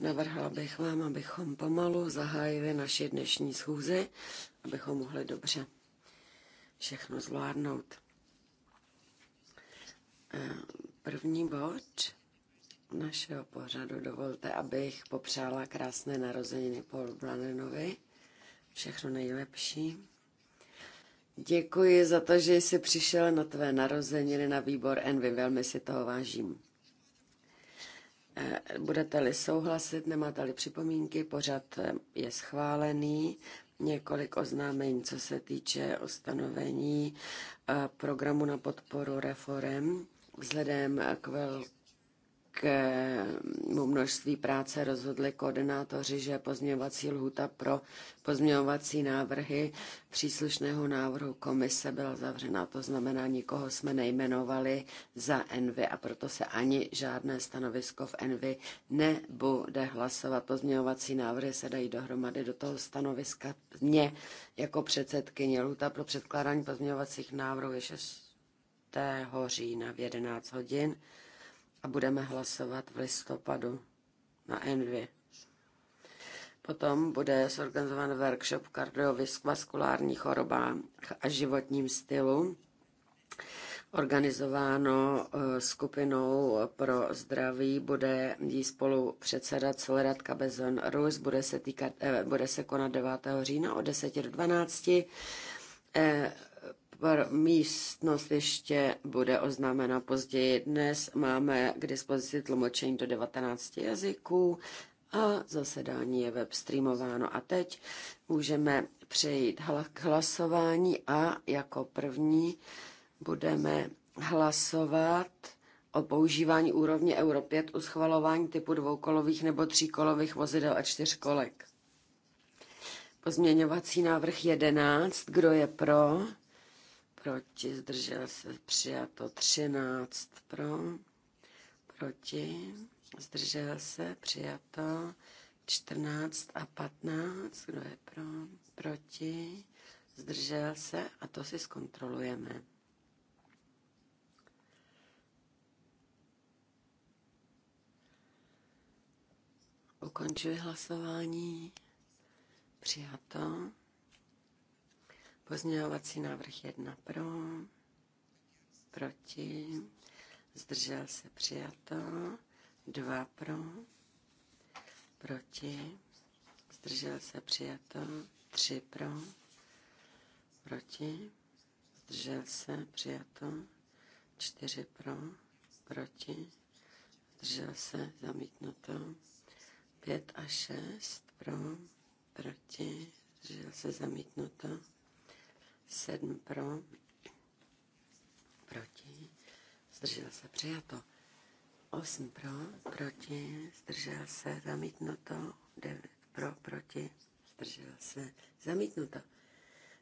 Navrhla bych vám, abychom pomalu zahájili naši dnešní schůzi, abychom mohli dobře všechno zvládnout. Eh, první bod našeho pořadu dovolte, abych popřála krásné narozeniny Paul Brannanovi. Všechno nejlepší. Děkuji za to, že jsi přišel na tvé narozeniny na výbor Envy. Velmi si toho vážím. Eh, budete-li souhlasit, nemáte-li připomínky, pořad eh, je schválený. Několik oznámení, co se týče ustanovení eh, programu na podporu reform. Vzhledem k velkému velkému eh, množství práce rozhodli koordinátoři, že pozměňovací lhuta pro pozměňovací návrhy příslušného návrhu komise byla zavřena. To znamená, nikoho jsme nejmenovali za Envy a proto se ani žádné stanovisko v Envy nebude hlasovat. Pozměňovací návrhy se dají dohromady do toho stanoviska mě jako předsedkyně. Lhuta pro předkládání pozměňovacích návrhů je 6. října v 11 hodin a budeme hlasovat v listopadu na Nv. Potom bude zorganizovan workshop kardiovaskulární choroba a životním stylu, organizováno eh, skupinou pro zdraví, bude jí spolu předsedat Soledatka Bezon Rus, bude se, týkat, eh, bude se konat 9. října od 10 do 12 místnost ještě bude oznámena později. Dnes máme k dispozici tlumočení do 19 jazyků a zasedání je webstreamováno. A teď můžeme přejít k hlasování a jako první budeme hlasovat o používání úrovně Euro 5 u schvalování typu dvoukolových nebo tříkolových vozidel a čtyřkolek. Pozměňovací návrh 11. Kdo je pro? proti, zdržel se přijato 13 pro, proti, zdržel se přijato 14 a 15, kdo je pro, proti, zdržel se a to si zkontrolujeme. Ukončuji hlasování. Přijato. Pozměňovací návrh 1 pro, proti, zdržel se přijato, 2 pro, proti, zdržel se přijato, 3 pro, proti, zdržel se přijato, 4 pro, proti, zdržel se zamítnuto, 5 a 6 pro, proti, zdržel se zamítnuto, 7 pro, proti, zdržel se přijato. 8 pro, proti, zdržel se zamítnuto. 9 pro, proti, zdržel se zamítnuto.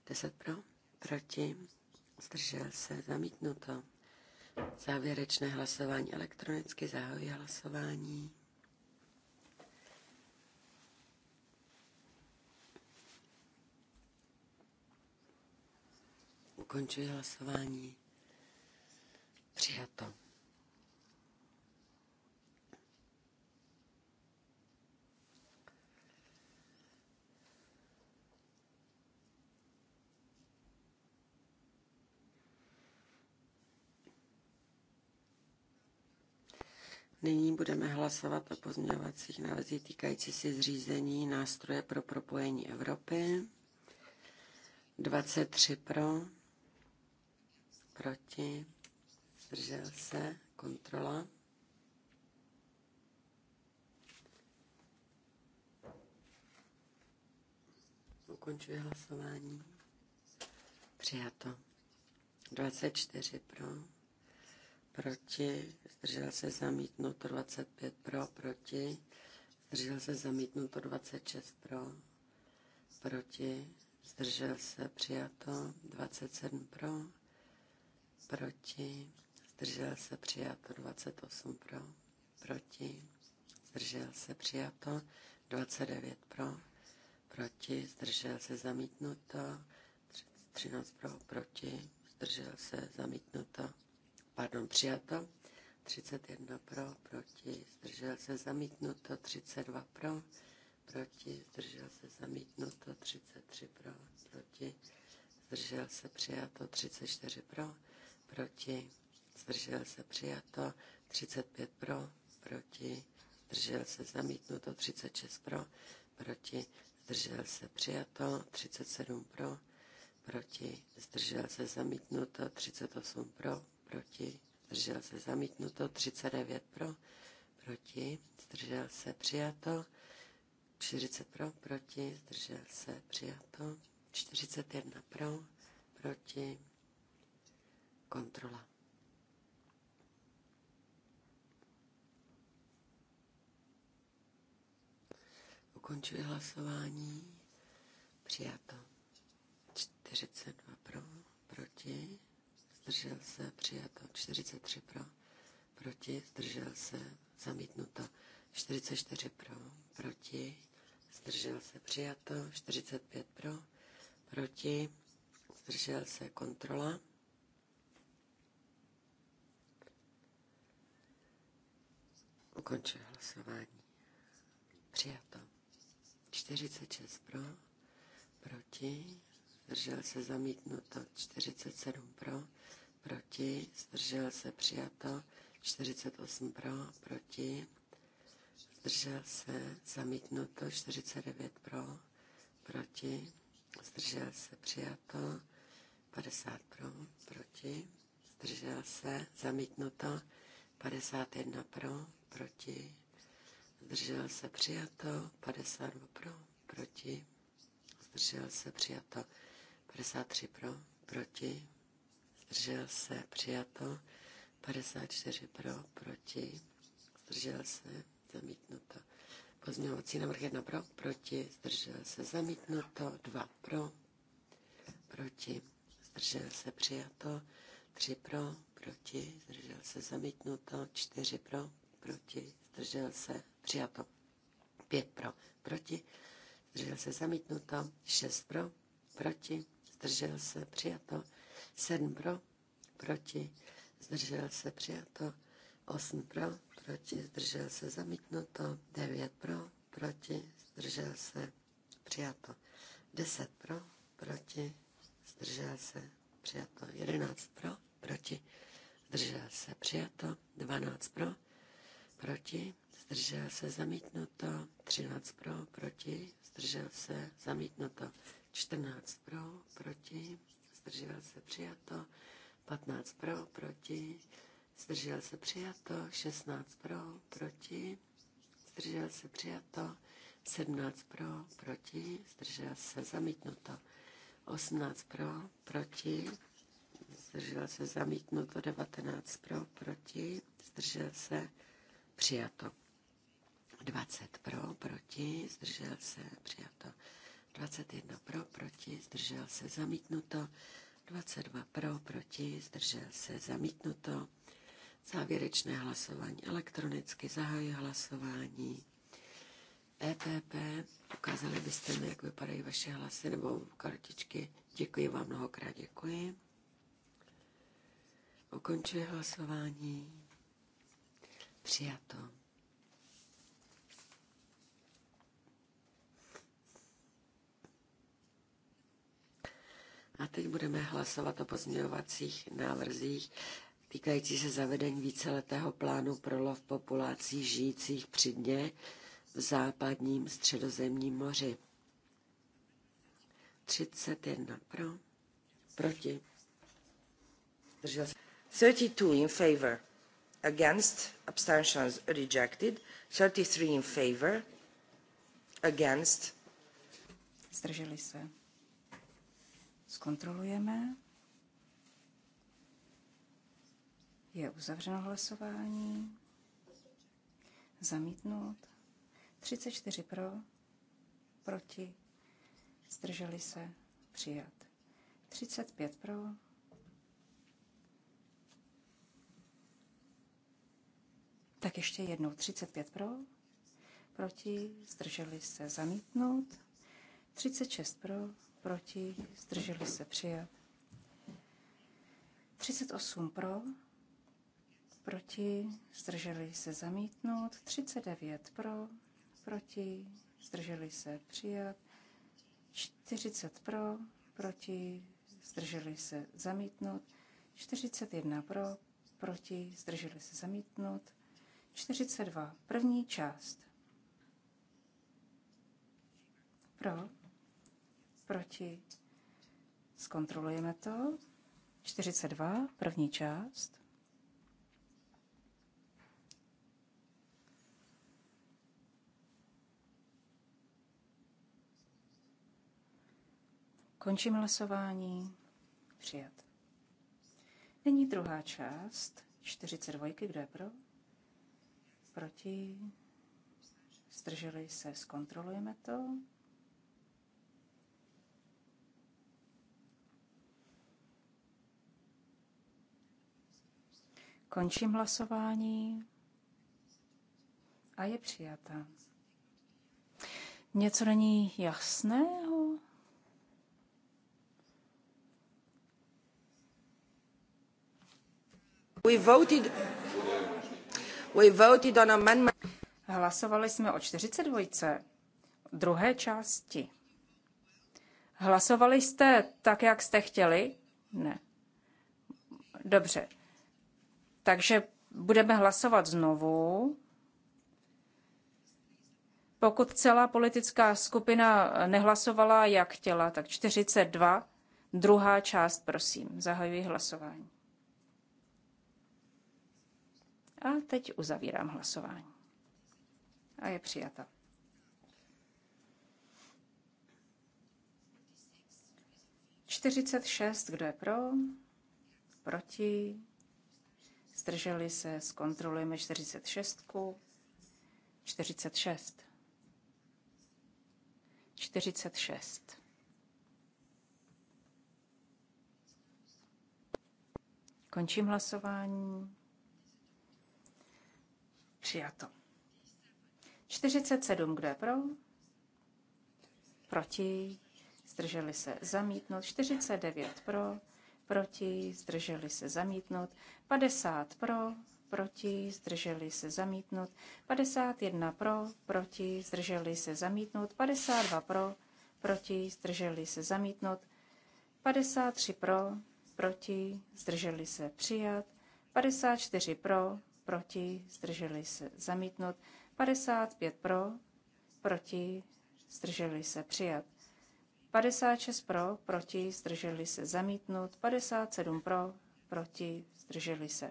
10 pro, proti, zdržel se zamítnuto. Závěrečné hlasování elektronicky zahajuji hlasování. Ukončuji hlasování. Přijato. Nyní budeme hlasovat o pozměňovacích návrzích týkající se zřízení nástroje pro propojení Evropy. 23 pro, proti, zdržel se, kontrola. Ukončuji hlasování. Přijato. 24 pro, proti, zdržel se zamítnuto 25 pro, proti, zdržel se zamítnuto 26 pro, proti, zdržel se přijato 27 pro, proti, zdržel se přijato 28 pro, proti, zdržel se přijato 29 pro, proti, zdržel se zamítnuto 13 pro, proti, zdržel se zamítnuto, pardon, přijato 31 pro, proti, zdržel se zamítnuto 32 pro, proti, zdržel se zamítnuto 33 pro, proti, zdržel se přijato 34 pro, proti, zdržel se přijato, 35 pro, proti, zdržel se zamítnuto, 36 pro, proti, zdržel se přijato, 37 pro, proti, zdržel se zamítnuto, 38 pro, proti, zdržel se zamítnuto, 39 pro, proti, zdržel se přijato, 40 pro, proti, zdržel se přijato, 41 pro, proti, kontrola. Ukončuji hlasování. Přijato. 42 pro, proti, zdržel se, přijato. 43 pro, proti, zdržel se, zamítnuto. 44 pro, proti, zdržel se, přijato. 45 pro, proti, zdržel se, kontrola. Ukončuji hlasování. Přijato. 46 pro, proti, zdržel se zamítnuto 47 pro, proti, zdržel se přijato 48 pro, proti, zdržel se zamítnuto 49 pro, proti, zdržel se přijato 50 pro, proti, zdržel se zamítnuto 51 pro, proti, zdržel se přijato, 52 pro, proti, zdržel se přijato, 53 pro, proti, zdržel se přijato, 54 pro, proti, zdržel se, zamítnuto. Pozměňovací návrh 1 pro, proti, zdržel se, zamítnuto, 2 pro, proti, zdržel se, přijato, 3 pro, proti, zdržel se, zamítnuto, 4 pro, proti, zdržel se, přijato. Pět pro, proti, zdržel se, zamítnuto. Šest pro, proti, zdržel se, přijato. Sedm pro, proti, zdržel se, přijato. Osm pro, proti, zdržel se, zamítnuto. Devět pro, proti, zdržel se, přijato. Deset pro, proti, zdržel se, přijato. Jedenáct pro, proti, zdržel se, přijato. Dvanáct pro, proti, zdržel se zamítnuto, 13 pro, proti, zdržel se zamítnuto, 14 pro, proti, zdržel se přijato, 15 pro, proti, zdržel se přijato, 16 pro, proti, zdržel se přijato, 17 pro, proti, zdržel se zamítnuto, 18 pro, proti, zdržel se zamítnuto, 19 pro, proti, zdržel se přijato. 20 pro, proti, zdržel se, přijato. 21 pro, proti, zdržel se, zamítnuto. 22 pro, proti, zdržel se, zamítnuto. Závěrečné hlasování elektronicky, zahajuji hlasování. EPP, ukázali byste mi, jak vypadají vaše hlasy nebo kartičky. Děkuji vám mnohokrát, děkuji. Ukončuji hlasování. Přijato. A teď budeme hlasovat o pozměňovacích návrzích týkající se zavedení víceletého plánu pro lov populací žijících při dně v západním středozemním moři. 31 pro, proti. Držel se. 32 in favor against abstentions rejected 33 in favor against zdrželi se zkontrolujeme je uzavřeno hlasování zamítnout 34 pro proti zdrželi se přijat 35 pro Ještě jednou 35 pro, proti, zdrželi se zamítnout. 36 pro, proti, zdrželi se přijat. 38 pro, proti, zdrželi se zamítnout. 39 pro, proti, zdrželi se přijat. 40 pro, proti, zdrželi se zamítnout. 41 pro, proti, zdrželi se zamítnout. 42. První část. Pro. Proti. Zkontrolujeme to. 42. První část. Končím hlasování. Přijat. Nyní druhá část. 42. Kdo je pro? proti, zdrželi se, zkontrolujeme to. Končím hlasování a je přijata. Něco není jasného? We voted We voted on amendment. Hlasovali jsme o 42. druhé části. Hlasovali jste tak, jak jste chtěli? Ne. Dobře. Takže budeme hlasovat znovu. Pokud celá politická skupina nehlasovala, jak chtěla, tak 42. Druhá část, prosím. Zahajuji hlasování. A teď uzavírám hlasování. A je přijata. Čtyřicet šest, kdo je pro? Proti? Zdrželi se, zkontrolujeme 46. 46. 46. Končím hlasování. Přijato. 47, kdo je pro? Proti, zdrželi se zamítnout. 49 pro, proti, zdrželi se zamítnout. 50 pro, proti, zdrželi se zamítnout. 51 pro, proti, zdrželi se zamítnout. 52 pro, proti, zdrželi se zamítnout. 53 pro, proti, zdrželi se přijat. 54 pro, proti, zdrželi se zamítnut, 55 pro, proti, zdrželi se přijat, 56 pro, proti, zdrželi se zamítnut, 57 pro, proti, zdrželi se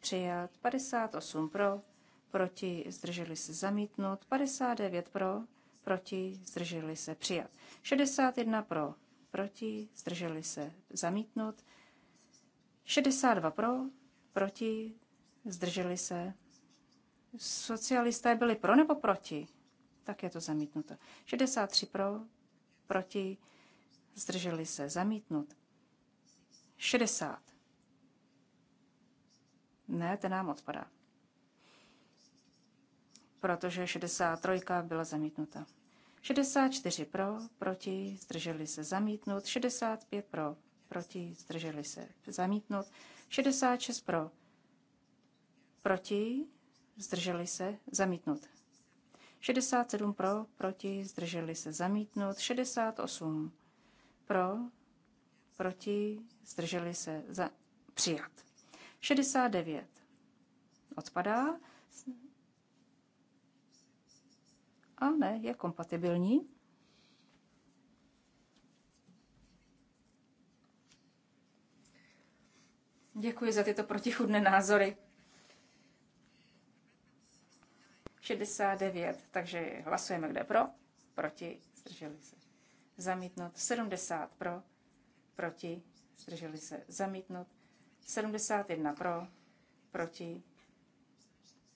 přijat, 58 pro, proti, zdrželi se zamítnut, 59 pro, proti, zdrželi se přijat, 61 pro, proti, zdrželi se zamítnut, 62 pro, proti, Zdrželi se. Socialisté byli pro nebo proti? Tak je to zamítnuto. 63 pro, proti, zdrželi se, zamítnut. 60. Ne, ten nám odpadá. Protože 63 byla zamítnuta. 64 pro, proti, zdrželi se zamítnut. 65 pro, proti, zdrželi se zamítnut. 66 pro, proti, zdrželi se, zamítnut. 67 pro, proti, zdrželi se, zamítnut. 68 pro, proti, zdrželi se, za, přijat. 69 odpadá. A ne, je kompatibilní. Děkuji za tyto protichudné názory. 69, takže hlasujeme, kde pro, proti, zdrželi se. Zamítnut 70 pro, proti, zdrželi se. Zamítnut 71 pro, proti,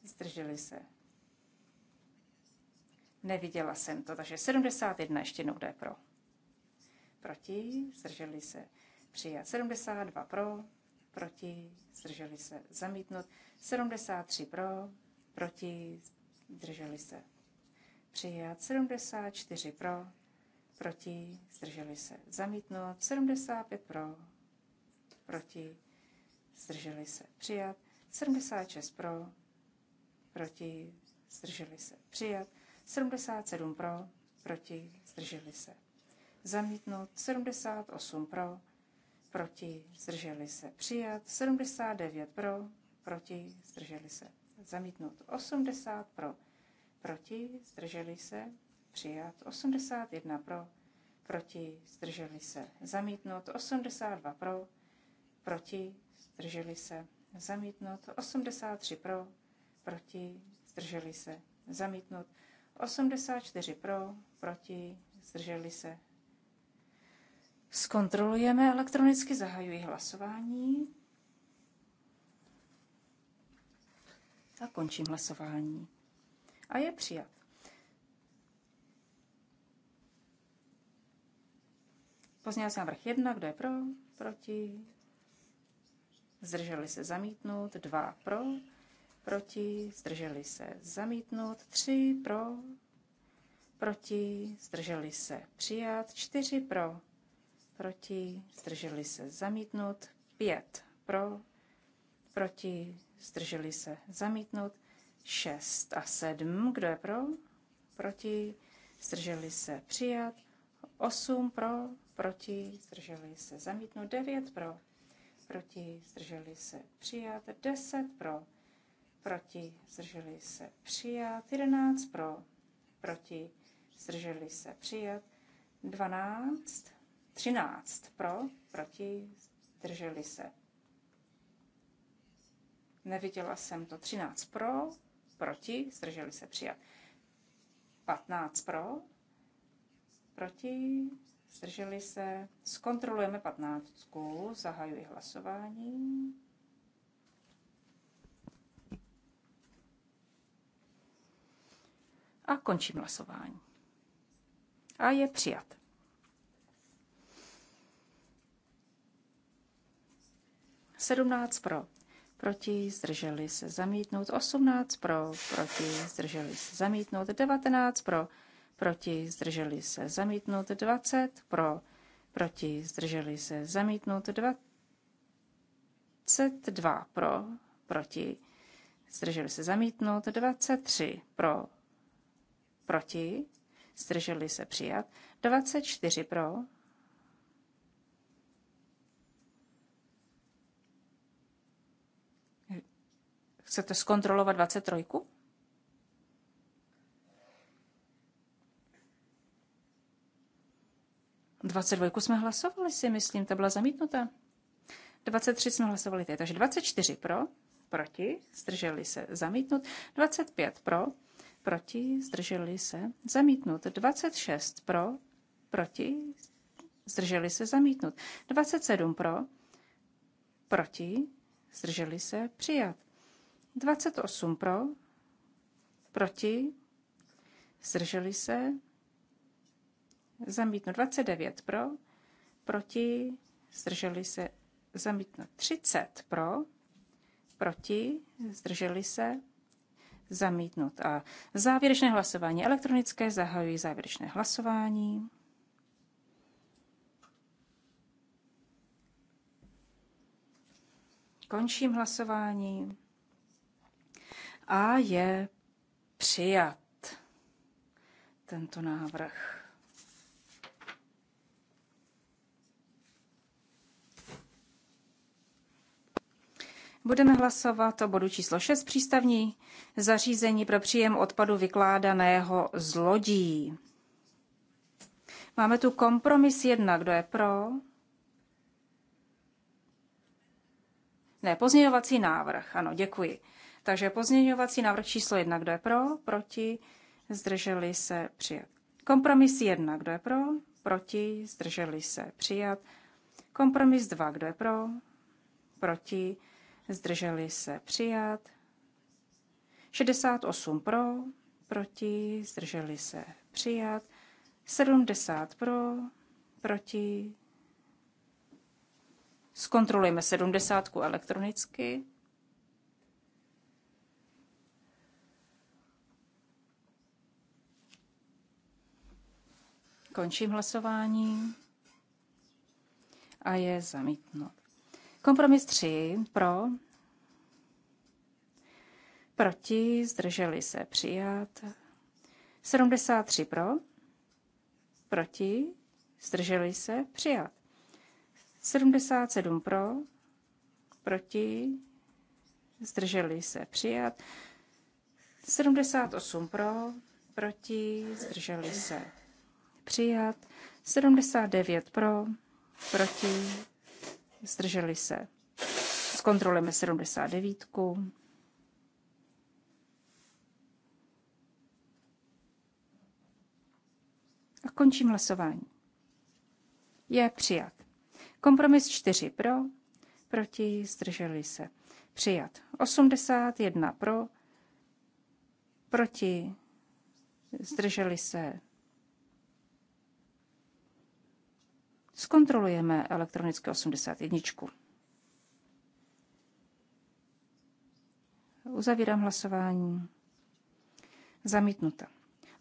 zdrželi se. Neviděla jsem to, takže 71 ještě jednou jde pro. Proti, zdrželi se. Přijat 72 pro, proti, zdrželi se. Zamítnut 73 pro, proti, zdrželi se. Přijat 74 pro, proti, zdrželi se. Zamítnout 75 pro, proti, zdrželi se. Přijat 76 pro, proti, zdrželi se. Přijat 77 pro, proti, zdrželi se. Zamítnout 78 pro, proti, zdrželi se. Přijat 79 pro, proti, zdrželi se zamítnut 80 pro, proti, zdrželi se, přijat 81 pro, proti, zdrželi se, zamítnut 82 pro, proti, zdrželi se, zamítnut 83 pro, proti, zdrželi se, zamítnut 84 pro, proti, zdrželi se. Zkontrolujeme elektronicky, zahajuji hlasování. A končím hlasování. A je přijat. Pozměňovací návrh 1, kdo je pro, proti, zdrželi se zamítnout, 2 pro, proti, zdrželi se zamítnout, 3 pro, proti, zdrželi se přijat, 4 pro, proti, zdrželi se zamítnout, 5 pro, proti, zdrželi se zamítnout. 6 a 7, kdo je pro, proti, zdrželi se přijat. 8 pro, proti, zdrželi se zamítnout. 9 pro, proti, zdrželi se přijat. 10 pro, proti, zdrželi se přijat. 11 pro, proti, zdrželi se přijat. 12, 13 pro, proti, zdrželi se Neviděla jsem to. 13 pro, proti, zdrželi se přijat. 15 pro, proti, zdrželi se. Zkontrolujeme 15. Zahajuji hlasování. A končím hlasování. A je přijat. Sedmnáct pro proti, zdrželi se zamítnout, 18 pro, proti, zdrželi se zamítnout, 19 pro, proti, zdrželi se zamítnout, 20 pro, proti, zdrželi se zamítnout, 22 pro, proti, zdrželi se zamítnout, 23 pro, proti, zdrželi se přijat, 24 pro, Chcete zkontrolovat 23? Dvacet dvojku jsme hlasovali, si myslím, ta byla zamítnutá. 23 jsme hlasovali tady, takže 24 pro, proti, zdrželi se, zamítnut. 25 pro, proti, zdrželi se, zamítnut. 26 pro, proti, zdrželi se, zamítnut. 27 pro, proti, zdrželi se, přijat. 28 pro, proti, zdrželi se, zamítnu 29 pro, proti, zdrželi se, zamítnu 30 pro, proti, zdrželi se, zamítnut. A závěrečné hlasování elektronické zahajuji závěrečné hlasování. Končím hlasování a je přijat tento návrh. Budeme hlasovat o bodu číslo 6 přístavní zařízení pro příjem odpadu vykládaného z lodí. Máme tu kompromis jedna, Kdo je pro? Ne, pozměňovací návrh. Ano, děkuji. Takže pozměňovací návrh číslo 1, kdo je pro, proti, zdrželi se přijat. Kompromis 1, kdo je pro, proti, zdrželi se přijat. Kompromis 2, kdo je pro, proti, zdrželi se přijat. 68 pro, proti, zdrželi se přijat. 70 pro, proti. Zkontrolujeme 70 elektronicky. Končím hlasování. A je zamítnut. Kompromis 3 pro. Proti, zdrželi se přijat. 73 pro. Proti, zdrželi se přijat. 77 pro. Proti, zdrželi se přijat. 78 pro. Proti, zdrželi se přijat, 79 pro, proti, zdrželi se. Zkontrolujeme 79. A končím hlasování. Je přijat. Kompromis 4 pro, proti, zdrželi se. Přijat. 81 pro, proti, zdrželi se Zkontrolujeme elektronicky 81. Uzavírám hlasování. Zamítnuta.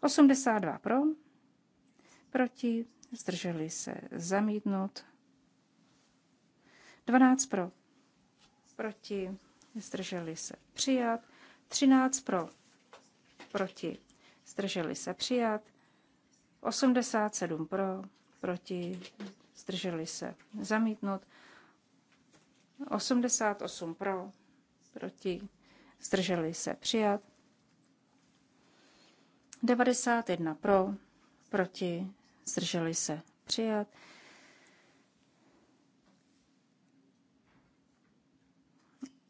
82 pro, proti, zdrželi se zamítnut. 12 pro, proti, zdrželi se přijat. 13 pro, proti, zdrželi se přijat. 87 pro, proti, zdrželi se zamítnout. 88 pro, proti, zdrželi se přijat. 91 pro, proti, zdrželi se přijat.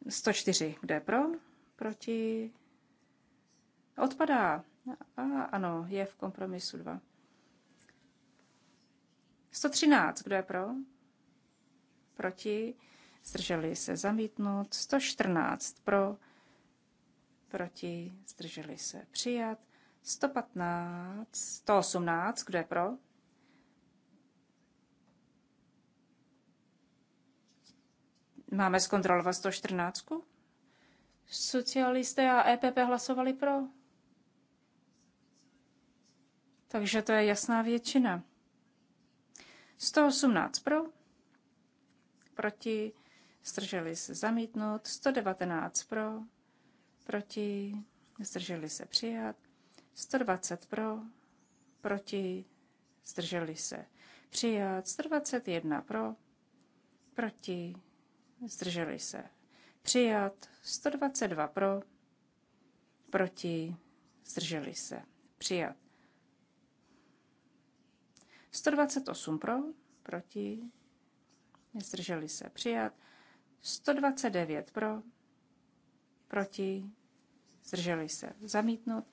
Sto čtyři, kde pro, proti, odpadá. A ano, je v kompromisu dva 113, kdo je pro? Proti? Zdrželi se zamítnout. 114 pro? Proti? Zdrželi se přijat. 115, 118, kdo je pro? Máme zkontrolovat 114? Socialisté a EPP hlasovali pro. Takže to je jasná většina. 118 pro, proti, zdrželi se zamítnout, 119 pro, proti, zdrželi se přijat, 120 pro, proti, zdrželi se přijat, 121 pro, proti, zdrželi se přijat, 122 pro, proti, zdrželi se přijat. 128 pro, proti, nezdrželi se přijat. 129 pro, proti, zdrželi se zamítnut.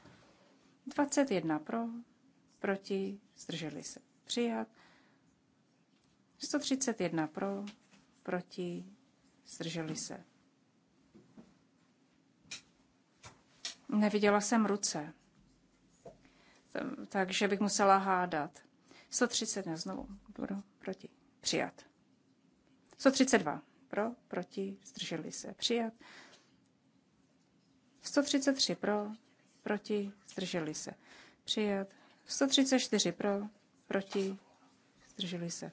21 pro, proti, zdrželi se přijat. 131 pro, proti, zdrželi se. Neviděla jsem ruce, takže bych musela hádat. 130 131 znovu pro, proti přijat. 132 pro, proti, zdrželi se přijat. 133 pro, proti, zdrželi se přijat. 134 pro, proti, zdrželi se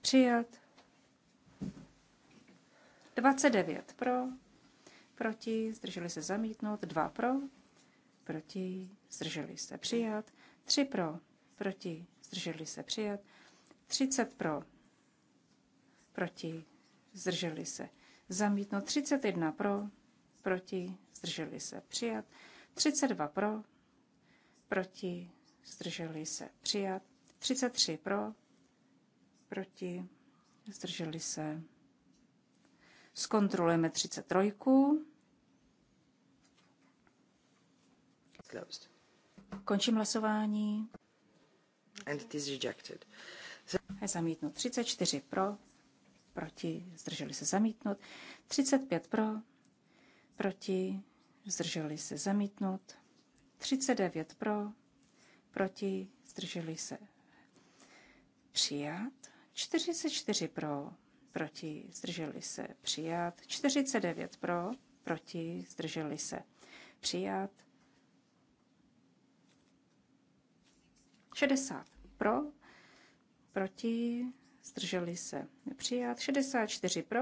přijat. 29 pro, proti, zdrželi se zamítnout, 2 pro, proti, zdrželi se přijat, 3 pro, proti, zdrželi se přijat, 30 pro, proti, zdrželi se zamítnout, 31 pro, proti, zdrželi se přijat, 32 pro, proti, zdrželi se přijat, 33 pro, proti, zdrželi se. Zkontrolujeme 33. Končím hlasování and it is rejected. Je zamítnut 34 pro, proti, zdrželi se zamítnut. 35 pro, proti, zdrželi se zamítnut. 39 pro, proti, zdrželi se přijat. 44 pro, proti, zdrželi se přijat. 49 pro, proti, zdrželi se přijat. 60 pro, proti, zdrželi se přijat. 64 pro,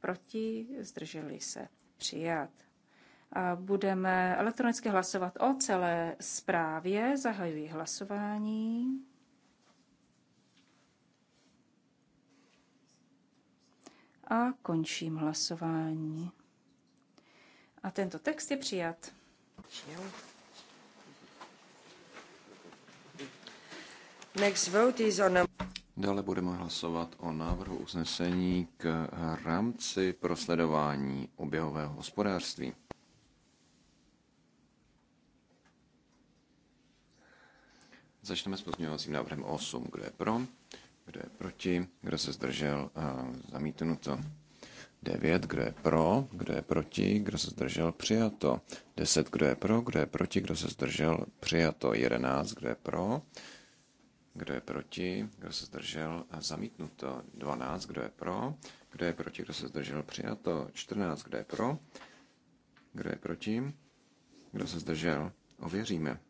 proti, zdrželi se přijat. A budeme elektronicky hlasovat o celé zprávě. Zahajuji hlasování. A končím hlasování. A tento text je přijat. Čau. Dále budeme hlasovat o návrhu usnesení k rámci pro sledování oběhového hospodářství. Začneme s pozměňovacím návrhem 8. Kdo je pro? Kdo je proti? Kdo se zdržel? Eh, zamítnuto. 9. Kdo je pro? Kdo je proti? Kdo se zdržel? Přijato. 10. Kdo je pro? Kdo je proti? Kdo se zdržel? Přijato. 11. Kdo je pro? Kdo je proti? Kdo se zdržel? Zamítnuto. 12. Kdo je pro? Kdo je proti? Kdo se zdržel? Přijato. 14. Kdo je pro? Kdo je proti? Kdo se zdržel? Ověříme.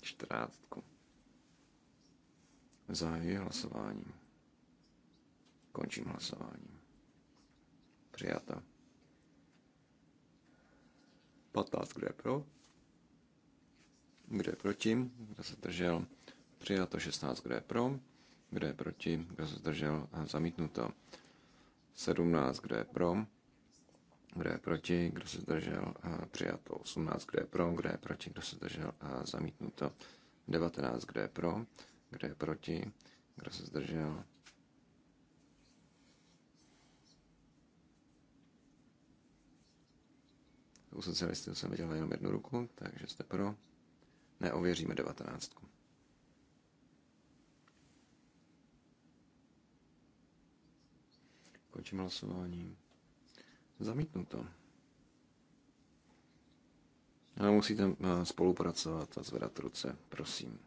14. Zahajuji hlasování. Končím hlasování. Přijato. 15. Kdo je pro? Kdo je proti? Kdo se zdržel, Přijato 16, kdo je pro, kdo je proti, kdo se zdržel, a zamítnuto. 17, kdo je pro, kdo je proti, kdo se zdržel, a přijato 18, kdo je pro, kdo je proti, kdo se zdržel, a zamítnuto. 19, kdo je pro, kdo je proti, kdo se zdržel, U socialistů jsem viděl jenom jednu ruku, takže jste pro. Neověříme devatenáctku. Končím hlasování. Zamítnuto. Ale musíte eh, spolupracovat a zvedat ruce, prosím.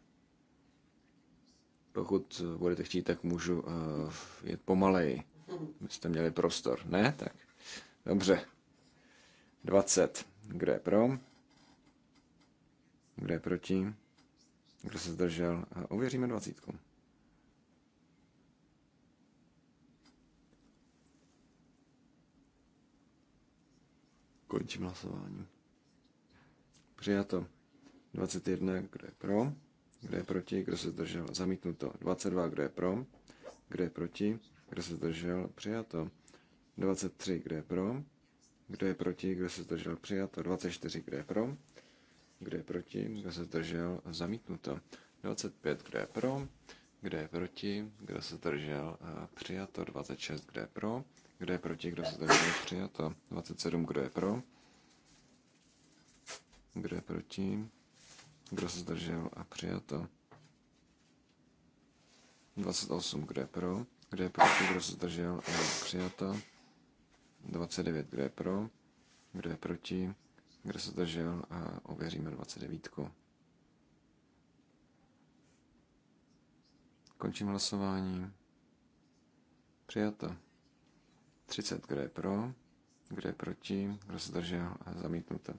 Pokud eh, budete chtít, tak můžu uh, jet pomaleji. Byste měli prostor, ne? Tak. Dobře. 20. Kdo je pro? Kdo je proti? Kdo se zdržel? A ověříme dvacítku. Končím hlasování. Přijato. 21, kdo je pro, kdo je proti, kdo se zdržel, zamítnuto. 22, kdo je pro, kdo je proti, kdo se zdržel, přijato. 23, kdo je pro, kdo je proti, kdo se zdržel, přijato. 24, kdo je pro, kdo je proti, kdo se zdržel, zamítnuto. 25, kdo je pro, kdo je proti, kdo se zdržel, eh, přijato 26, kdo je pro, kdo je proti, kdo se zdržel, přijato 27, kdo je pro, kdo je proti, kdo se zdržel a přijato 28, kdo je pro, kdo je proti, kdo se zdržel a přijato 29, kdo je pro, kdo je proti, kdo se zdržel a ověříme 29. Končím hlasování. Přijato. 30, kdo je pro, kdo je proti, kdo se držel a zamítnuto.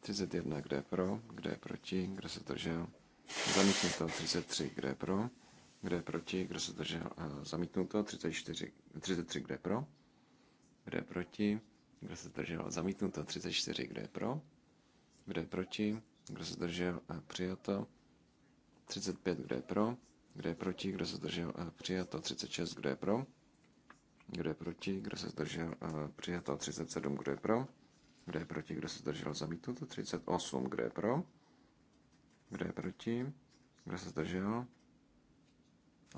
31, kdo je pro, kdo je proti, kdo se zdržel, zamítnuto. 33, kdo je pro, kdo je proti, kdo se držel a zamítnuto. 34, 33, kdo je pro, kdo je proti, kdo se držel a eh, zamítnuto. 34, kdo je pro, kdo je proti, kdo se držel a přijato. 35, kdo je pro, kdo je proti? Kdo se zdržel? Eh, přijato 36. Kdo je pro? Kdo je proti? Kdo se zdržel? Eh, přijato 37. Kdo je pro? Kdo je proti? Kdo se zdržel? Zamítnuto 38. Kdo je pro? Kdo je proti? Kdo se zdržel?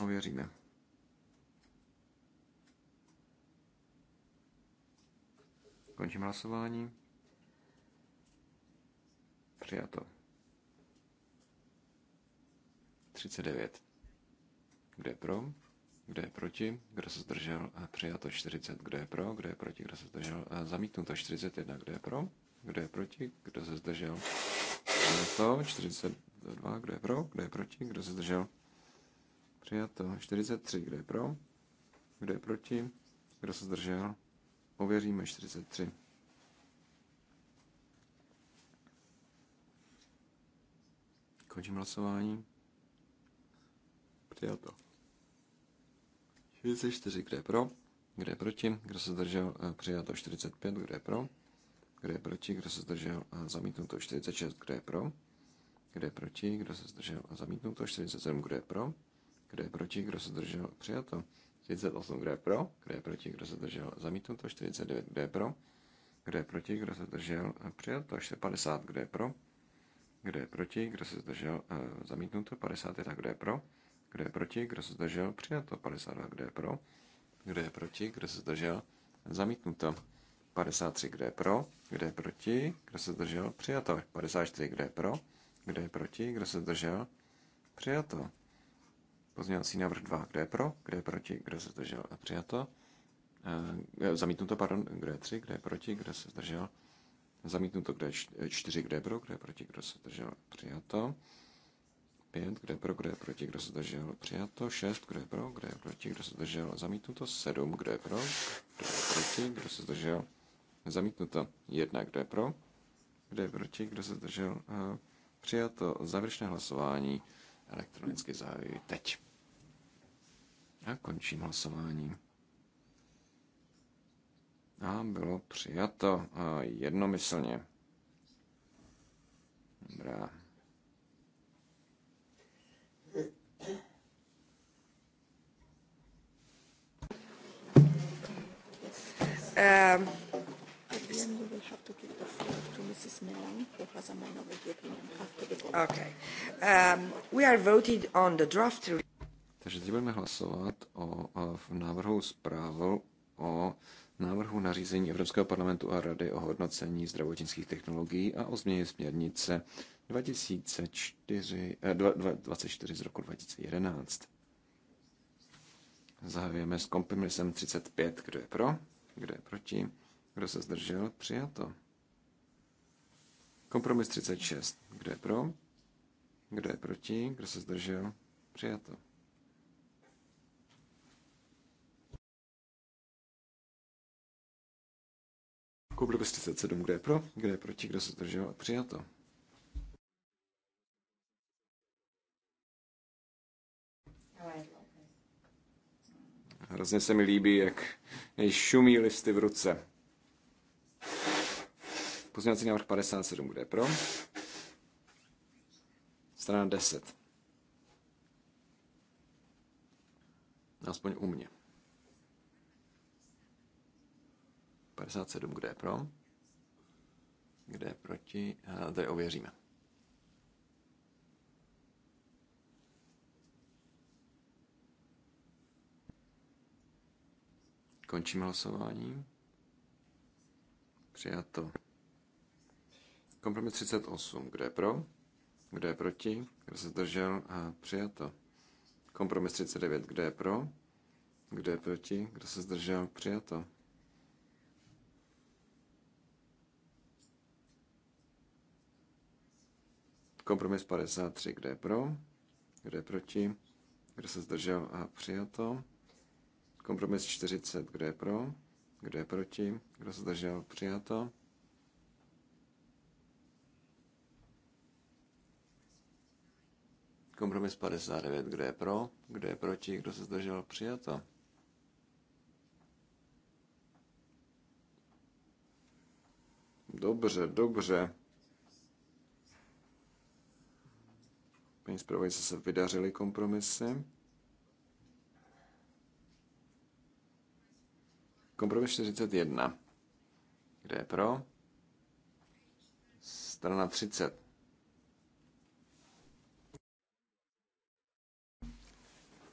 Ověříme. Končím hlasování. Přijato. 39. Kdo je pro? Kdo je proti? Kdo se zdržel? Přijato 40. Kdo je pro? Kdo je proti? Kdo se zdržel? Zamítnuto 41. Kdo je pro? Kdo je proti? Kdo se zdržel? Přijato 42. Kdo je pro? Kdo je proti? Kdo se zdržel? Přijato 43. Kdo je pro? Kdo je proti? Kdo se zdržel? Ověříme 43. Končím hlasování. Přijato. 44, kdo je pro, kdo je proti, kdo se zdržel, přijato 45, kdo je pro, kdo je proti, kdo se zdržel, zamítnuto 46, kdo je pro, kdo je proti, kdo se zdržel, zamítnuto 47, kdo je pro, kdo je proti, kdo se zdržel, přijato 48, kdo je pro, kdo je proti, kdo se zdržel, zamítnuto 49, kdo je pro, kdo je proti, kdo se zdržel, přijato 50, kdo je pro, kdo je proti, kdo se zdržel, zamítnuto 50 kdo je pro, kdo je proti? Kdo se zdržel? Přijato. 52. Kdo je pro? Kdo je proti? Kdo se zdržel? Zamítnuto. 53. Kdo je pro? Kdo je proti? Kdo se zdržel? Přijato. 54. Kdo je pro? Kdo je proti? Kdo se zdržel? Přijato. Pozměňovací návrh 2. Kdo je pro? Kdo je proti? Kdo se zdržel? Přijato. E, zamítnuto, pardon. Kdo je 3? Kdo je proti? Kdo se zdržel? Zamítnuto, kdo je 4? Kdo je pro? Kdo je proti? Kdo se zdržel? Přijato. 5, kdo je pro, kdo je proti, kdo se držel, přijato, 6, kdo je pro, kdo je proti, kdo se držel, zamítnuto, 7, kdo je pro, kdo je proti, kdo se držel, zamítnuto, 1, kdo je pro, kdo je proti, kdo se držel, eh, přijato, závěrečné hlasování, elektronicky zahajuji teď. A končím hlasování. A bylo přijato eh, jednomyslně. Dobrá. okay. um, we are voted on the draft. Takže teď budeme hlasovat o, o v návrhu zprávu o návrhu nařízení Evropského parlamentu a Rady o hodnocení zdravotnických technologií a o změně směrnice 2004, eh, 24 z roku 2011. Zahajujeme s kompromisem 35. Kdo je pro? Kdo je proti? Kdo se zdržel? Přijato. Kompromis 36. Kdo je pro? Kdo je proti? Kdo se zdržel? Přijato. Kompromis 37. Kdo je pro? Kdo je proti? Kdo se zdržel? Přijato. Hrozně se mi líbí, jak šumí listy v ruce. Pozměňovací návrh 57, bude pro? Strana 10. Aspoň u mě. 57, kde je pro? Kde je proti? Tady ověříme. Končím hlasování. Přijato. Kompromis 38. Kdo je pro? Kdo je proti? Kdo se zdržel? A přijato. Kompromis 39. Kdo je pro? Kdo je proti? Kdo se zdržel? Přijato. Kompromis 53. Kdo je pro? Kdo je proti? Kdo se zdržel? A přijato. Kompromis 40. Kdo je pro? Kdo je proti? Kdo se zdržel? Přijato. Kompromis 59. Kdo je pro? Kdo je proti? Kdo se zdržel? Přijato. Dobře, dobře. Paní zpravodajce se vydařily kompromisy. Kompromis 41. Kde je pro? Strana 30.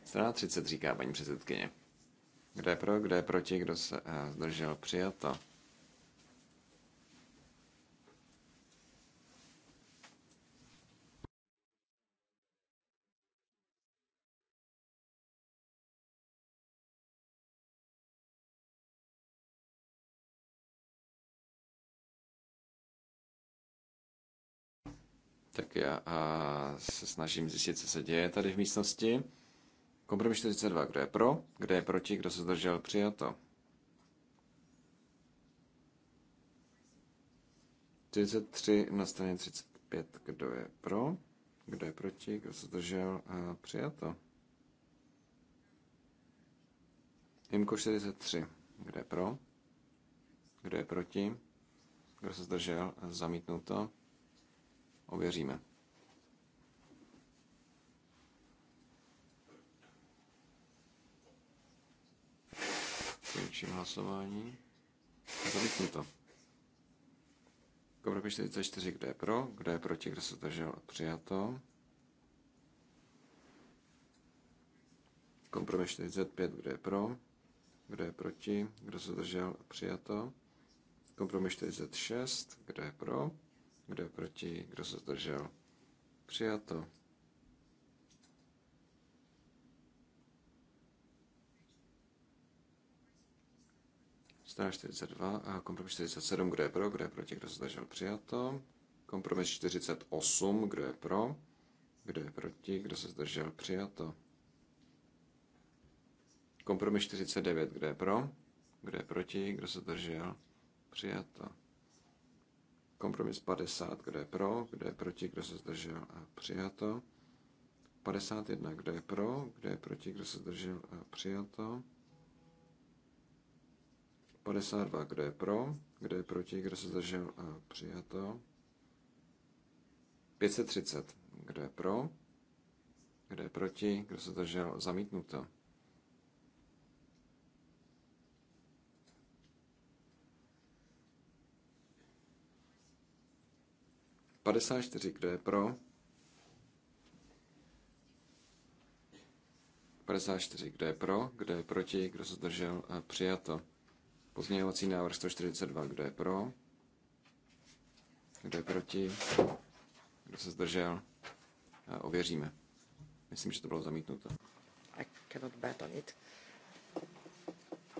Strana 30 říká paní předsedkyně. Kde je pro, kde je proti, kdo se eh, zdržel, přijato. tak já a se snažím zjistit, co se děje tady v místnosti. Kompromis 42, kdo je pro, kdo je proti, kdo se zdržel, přijato. 33 na straně 35, kdo je pro, kdo je proti, kdo se zdržel, a přijato. Jimko 43, kdo je pro, kdo je proti, kdo se zdržel, zamítnuto. Ověříme. Končím hlasování. to. Kompromis 44, kdo je pro, kdo je proti, kdo se držel, přijato. Kompromis 45, kdo je pro, kdo je proti, kdo se držel, přijato. Kompromis 46, kdo je pro, kdo je proti? Kdo se zdržel? Přijato. Strana 42 a kompromis 47, kdo je pro, kdo je proti, kdo se zdržel přijato. Kompromis 48, kdo je pro, kdo je proti, kdo se zdržel přijato. Kompromis 49, kdo je pro, kdo je proti, kdo se zdržel přijato. Kompromis 50, kdo je pro, kdo je proti, kdo se zdržel a přijato. 51, kdo je pro, kdo je proti, kdo se zdržel a přijato. 52, kdo je pro, kdo je proti, kdo se zdržel a přijato. 530, kdo je pro, kdo je proti, kdo se zdržel, zamítnuto. 54, kdo je pro? 54, kdo je pro, kdo je proti, kdo se zdržel, eh, přijato. Pozměňovací návrh 142, kdo je pro, kdo je proti, kdo se zdržel, eh, ověříme. Myslím, že to bylo zamítnuto. I cannot bet on it.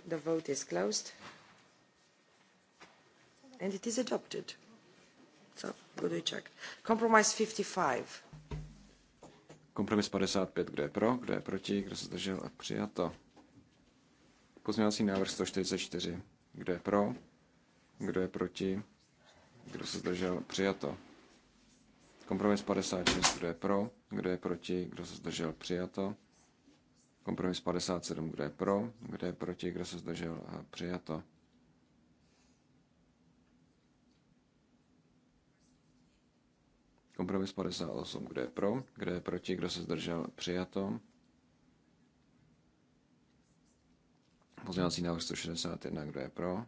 The vote is closed. And it is adopted. 55. Kompromis 55, kdo je pro, kdo je proti, kdo se zdržel a přijato. Pozměňovací návrh 144, kdo je pro, kdo je proti, kdo se zdržel, přijato. Kompromis 56, kdo je pro, kdo je proti, kdo se zdržel, přijato. Kompromis 57, kdo je pro, kdo je proti, kdo se zdržel, přijato. Kompromis 58. Kdo je pro? Kdo je proti? Kdo se zdržel? Přijato. Pozměňovací návrh 161. Kdo je pro?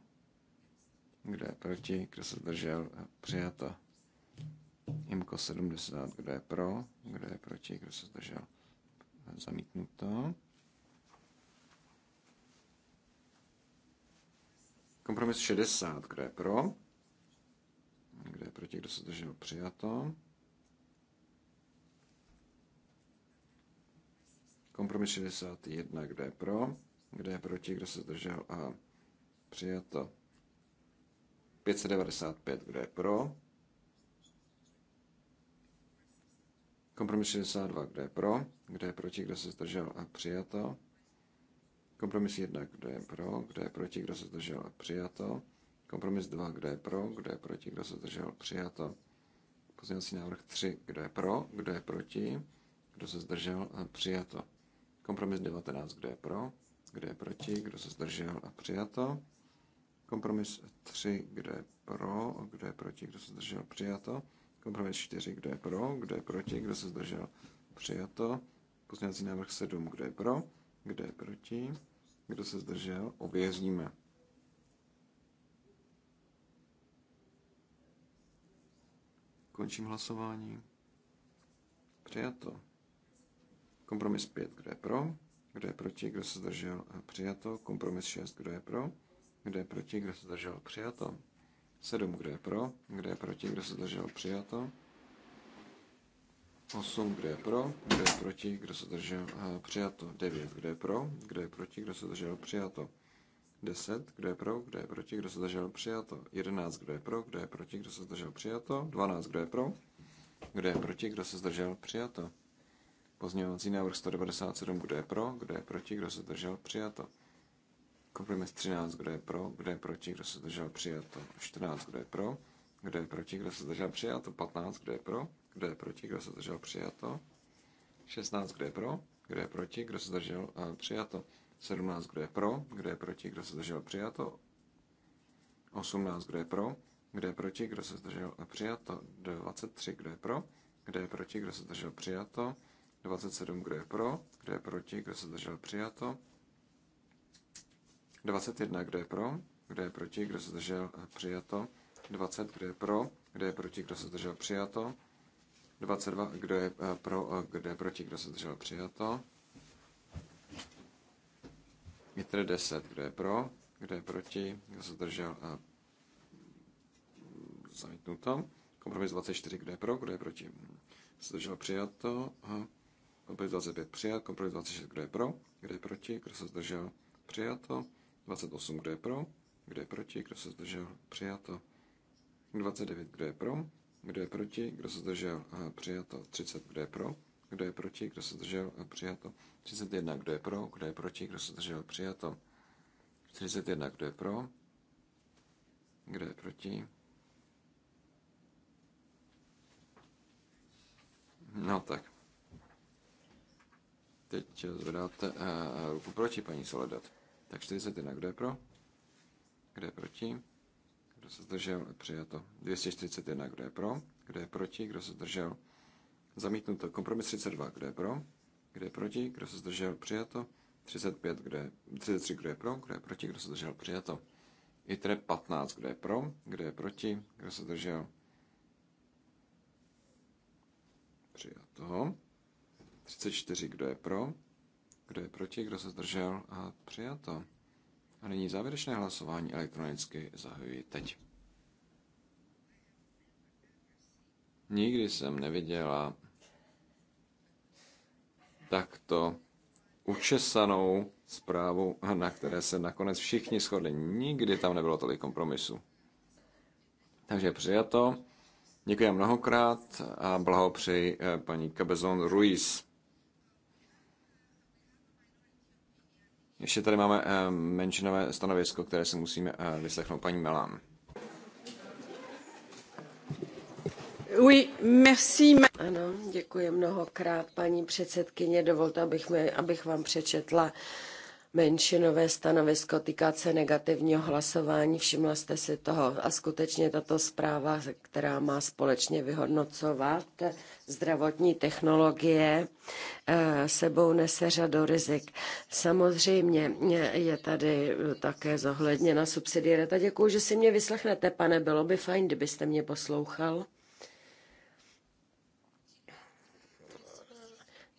Kdo je proti? Kdo se zdržel? Přijato. Imko 70. Kdo je pro? Kdo je proti? Kdo se zdržel? Zamítnuto. Kompromis 60. Kdo je pro? Kdo je proti? Kdo se zdržel? Přijato. Kompromis 61, kdo je pro, kdo je proti, kdo se zdržel a přijato. 595, kdo je pro. Kompromis 62, kdo je pro, kdo je proti, kdo se zdržel a přijato. Kompromis 1, kdo je pro, kdo je proti, kdo se zdržel a přijato. Kompromis 2, kdo je pro, kdo je proti, kdo se zdržel a přijato. Pozměňovací návrh 3, kdo je pro, kdo je proti, kdo se zdržel a přijato. Kompromis 19, kdo je pro, kdo je proti, kdo se zdržel a přijato. Kompromis 3, kdo je pro, kdo je proti, kdo se zdržel, přijato. Kompromis 4, kdo je pro, kdo je proti, kdo se zdržel, přijato. Pozměňovací návrh 7, kdo je pro, kdo je proti, kdo se zdržel, ověříme. Končím hlasování. Přijato. Kompromis 5, eh, kdo je pro, kdo je proti, kdo se zdržel přijato. Kompromis 6, kdo je pro, kdo je proti, kdo se zdržel přijato. 7, eh, kdo je pro, kdo je proti, kdo se zdržel přijato. 8, kdo je pro, kdo je proti, kdo se zdržel přijato. 9, kdo je pro, kdo je proti, kdo se zdržel přijato. 10, kdo je pro, kdo je proti, kdo se zdržel přijato. 11, kdo je pro, kdo je proti, kdo se zdržel přijato. 12, kdo je pro, kdo je proti, kdo se zdržel přijato. Pozměňovací návrh 197, kdo je pro, kdo je proti, kdo se držel, přijato. Kompromis 13, kdo je pro, kdo je proti, kdo se držel, přijato. 14, kdo je pro, kdo je proti, kdo se držel, přijato. 15, kdo je pro, kdo je proti, kdo se držel, přijato. 16, kdo je pro, kdo je proti, kdo se zdržel, přijato. 17, kdo je pro, kdo je proti, kdo se držel, přijato. 18, kdo je pro, kdo je proti, kdo se zdržel, přijato. 23, kdo je pro, kdo je proti, kdo se zdržel, přijato. 27, kdo je pro, kdo je proti, kdo se zdržel přijato. 21, kdo je pro, kdo je proti, kdo se zdržel přijato. 20, kdo je pro, kdo je proti, kdo se zdržel přijato. 22, kdo je pro, kdo je proti, kdo se zdržel přijato. Je tedy 10, kdo je pro, kdo je proti, kdo se zdržel zamítnuto. Kompromis 24, kdo je pro, kdo je proti, zdržel přijato. Kompromis 25 přijat, kompromis 26, kdo je pro, kdo je proti, kdo se zdržel, přijato. 28, kdo je pro, kdo je proti, kdo se zdržel, přijato. 29, kdo je pro, kdo je proti, kdo se zdržel, přijato. 30, kdo je pro, kdo je proti, kdo se zdržel, přijato. 31, kdo je pro, kdo je proti, kdo se zdržel, přijato. 31 kdo je pro, kdo je proti. No tak. Teď zvedáte uh, ruku proti, paní Soledad. Tak 41, kdo je pro? Kdo je proti? Kdo se zdržel? Přijato. 241, kdo je pro? Kdo je proti? Kdo se zdržel? Zamítnuto. Kompromis 32, kdo je pro? Kdo je proti? Kdo se zdržel? Přijato. 35, kdo je, 33, kdo je pro? Kdo je proti? Kdo se zdržel? Přijato. ITRE 15, kdo je pro? Kdo je proti? Kdo se zdržel? Přijato. 34, kdo je pro, kdo je proti, kdo se zdržel a přijato. A nyní závěrečné hlasování elektronicky zahajuji teď. Nikdy jsem neviděla takto učesanou zprávu, na které se nakonec všichni shodli. Nikdy tam nebylo tolik kompromisu. Takže přijato. Děkuji mnohokrát a blahopřeji eh, paní Cabezon Ruiz. Ještě tady máme eh, menšinové stanovisko, které si musíme eh, vyslechnout paní Melán. Oui, merci. Ano, děkuji mnohokrát, paní předsedkyně. Dovolte, abych, mě, abych vám přečetla menšinové stanovisko týká se negativního hlasování. Všimla jste si toho a skutečně tato zpráva, která má společně vyhodnocovat zdravotní technologie, eh, sebou nese řadu rizik. Samozřejmě eh, je tady také zohledněna subsidiarita. Děkuji, že si mě vyslechnete, pane. Bylo by fajn, kdybyste mě poslouchal.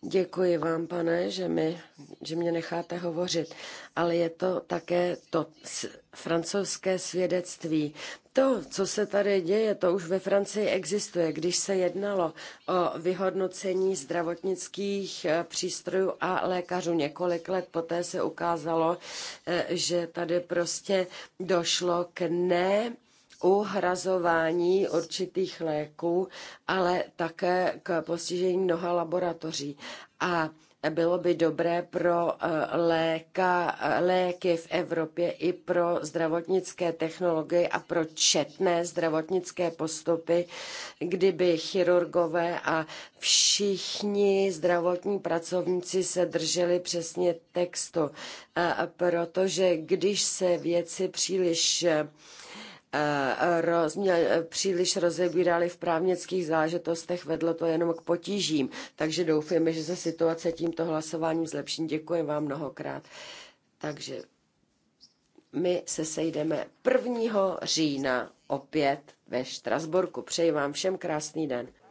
Děkuji vám, pane, že, mi, že mě necháte hovořit, ale je to také to francouzské svědectví. To, co se tady děje, to už ve Francii existuje. Když se jednalo o vyhodnocení zdravotnických eh, přístrojů a lékařů několik let poté se ukázalo, eh, že tady prostě došlo k ne uhrazování určitých léků, ale také k postižení mnoha laboratoří. A bylo by dobré pro eh, léka, eh, léky v Evropě i pro zdravotnické technologie a pro četné zdravotnické postupy, kdyby chirurgové a všichni zdravotní pracovníci se drželi přesně textu. Eh, protože když se věci příliš roz, mě, příliš rozebírali v právnických zážitostech, vedlo to jenom k potížím. Takže doufáme, že se situace tímto hlasováním zlepší. Děkuji vám mnohokrát. Takže my se sejdeme 1. října opět ve Štrasburku. Přeji vám všem krásný den.